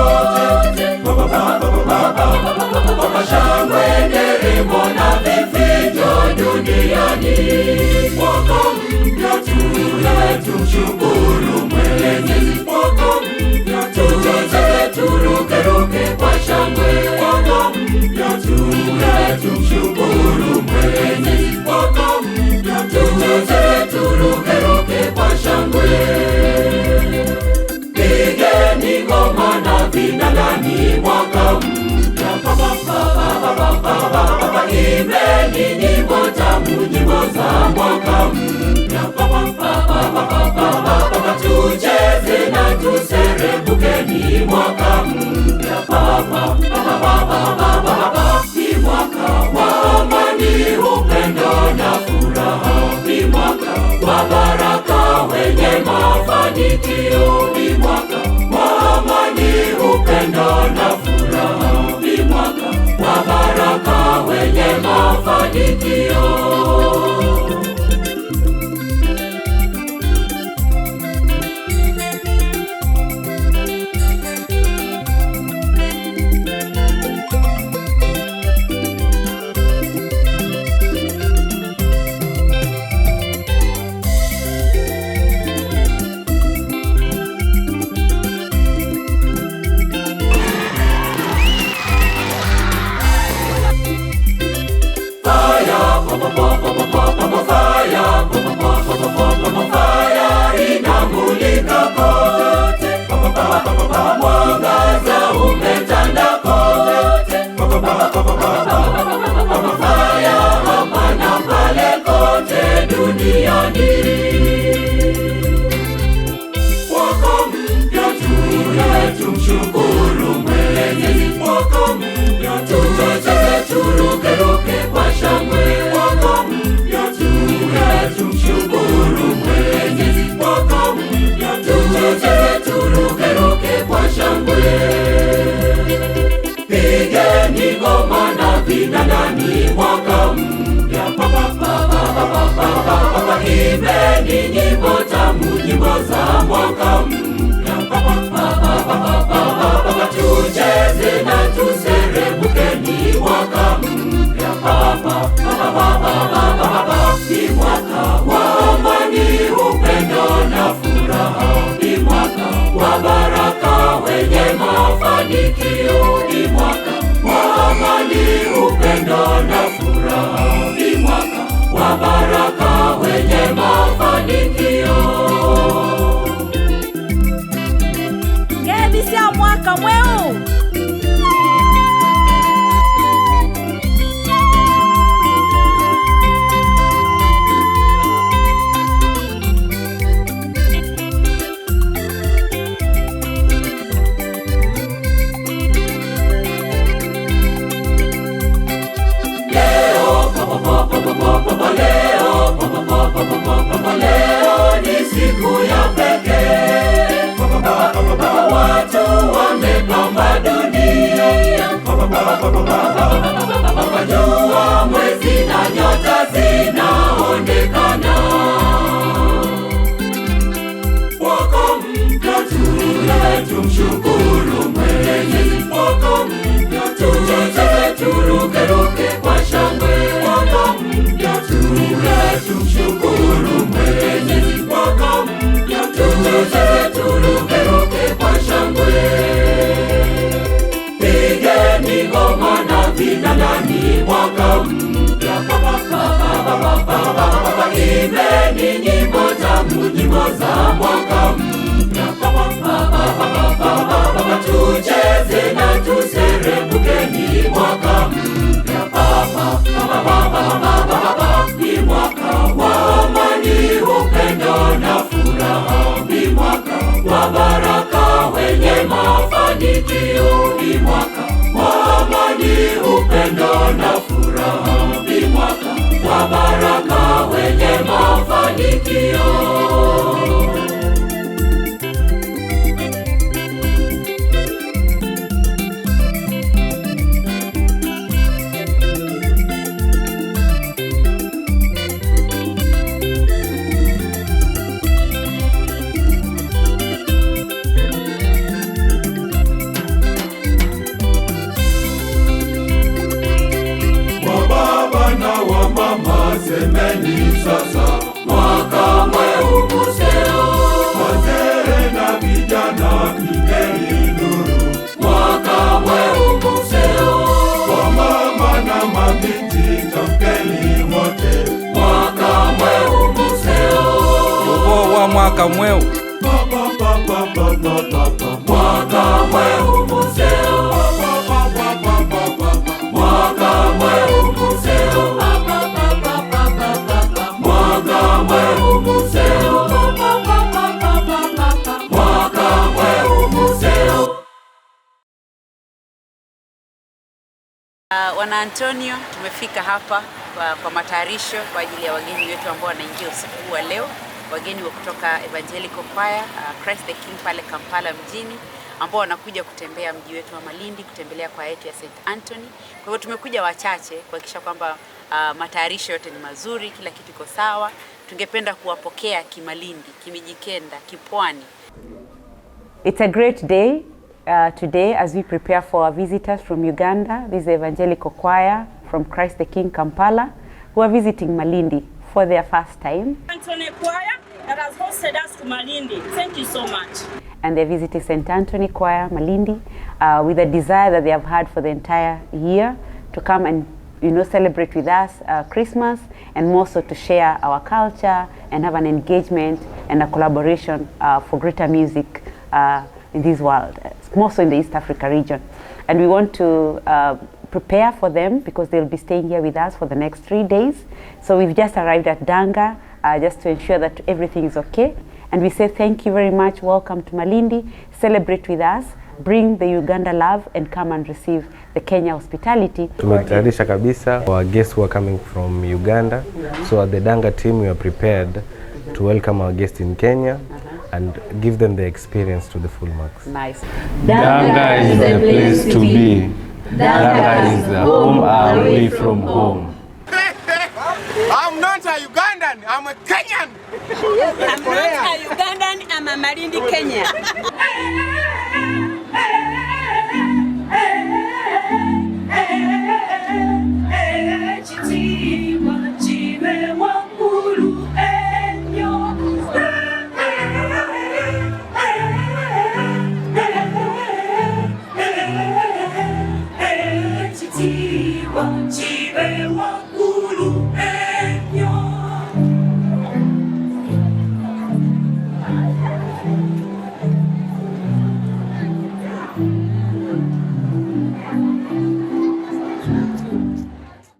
Oh, ni nyimbo tamu, za mwaka mpya. Tucheze na tuserebuke, ni mwaka mpya, ni mwaka wa amani, upendo na furaha, ni mwaka wa baraka wenye mafanikio. wako wenye mafanikio. tumshukuru Mwenyezi mwako mpya tutacheza turukeruke kwa shangwe mwako mpya tumshukuru Mwenyezi mwako mpya tutacheza turukeruke kwa shangwe pigeni ngoma na vinanani mwaka mpya papapapapapapapa imbeni nyimbo tamu nyimbo za mwaka mpya kushinda ndani mwaka mpya. Imbeni nyimbo tamu, nyimbo za mwaka mpya, tucheze na tuserebukeni mwaka mpya. Ni mwaka wa amani, upendo na furaha, ni mwaka wa baraka wenye mafanikio, ni mwaka upendo na furaha, mwaka wa baraka wenye mafanikio. mama, semeni sasa, mwaka mweukuseo. Wazee na vijana, pigeni duru, mwaka mweukuseo. Kwa mama na mabinti, tafuteni wote, mwaka mweukuseo. Mwaka mweu Uh, wana Antonio tumefika hapa kwa, kwa matayarisho kwa ajili ya wageni wetu ambao wanaingia usiku wa leo, wageni wa kutoka Evangelical Choir uh, Christ the King pale Kampala mjini ambao wanakuja kutembea mji wetu wa Malindi, kutembelea kwaya yetu ya St Anthony. Kwa hivyo tumekuja wachache kuhakikisha kwamba uh, matayarisho yote ni mazuri, kila kitu iko sawa. Tungependa kuwapokea kimalindi, kimijikenda, kipwani. It's a great day uh, today as we prepare for our visitors from Uganda. This is evangelical choir from Christ the King Kampala who are visiting Malindi for their first time. Antony Choir that has hosted us to Malindi. Thank you so much. And they're visiting St. Anthony Choir Malindi uh, with a desire that they have had for the entire year to come and you know, celebrate with us uh, Christmas and more so to share our culture and have an engagement and a collaboration uh, for greater music uh, in this world more so in the East Africa region. And we want to uh, prepare for them because they'll be staying here with us for the next three days. So we've just arrived at Danga uh, just to ensure that everything is okay. And we say thank you very much, welcome to Malindi, celebrate with us bring the Uganda love and come and receive the Kenya hospitality. Tumetayarisha kabisa our guests who are coming from Uganda. So at the Danga team we are prepared to welcome our guests in Kenya and give them the experience to the full max. Nice. Danga is the place to be. Danga is the home away from home. I'm not a Ugandan, I'm a Kenyan. I'm not a Ugandan, I'm a Marindi Kenyan. 共济杯，望。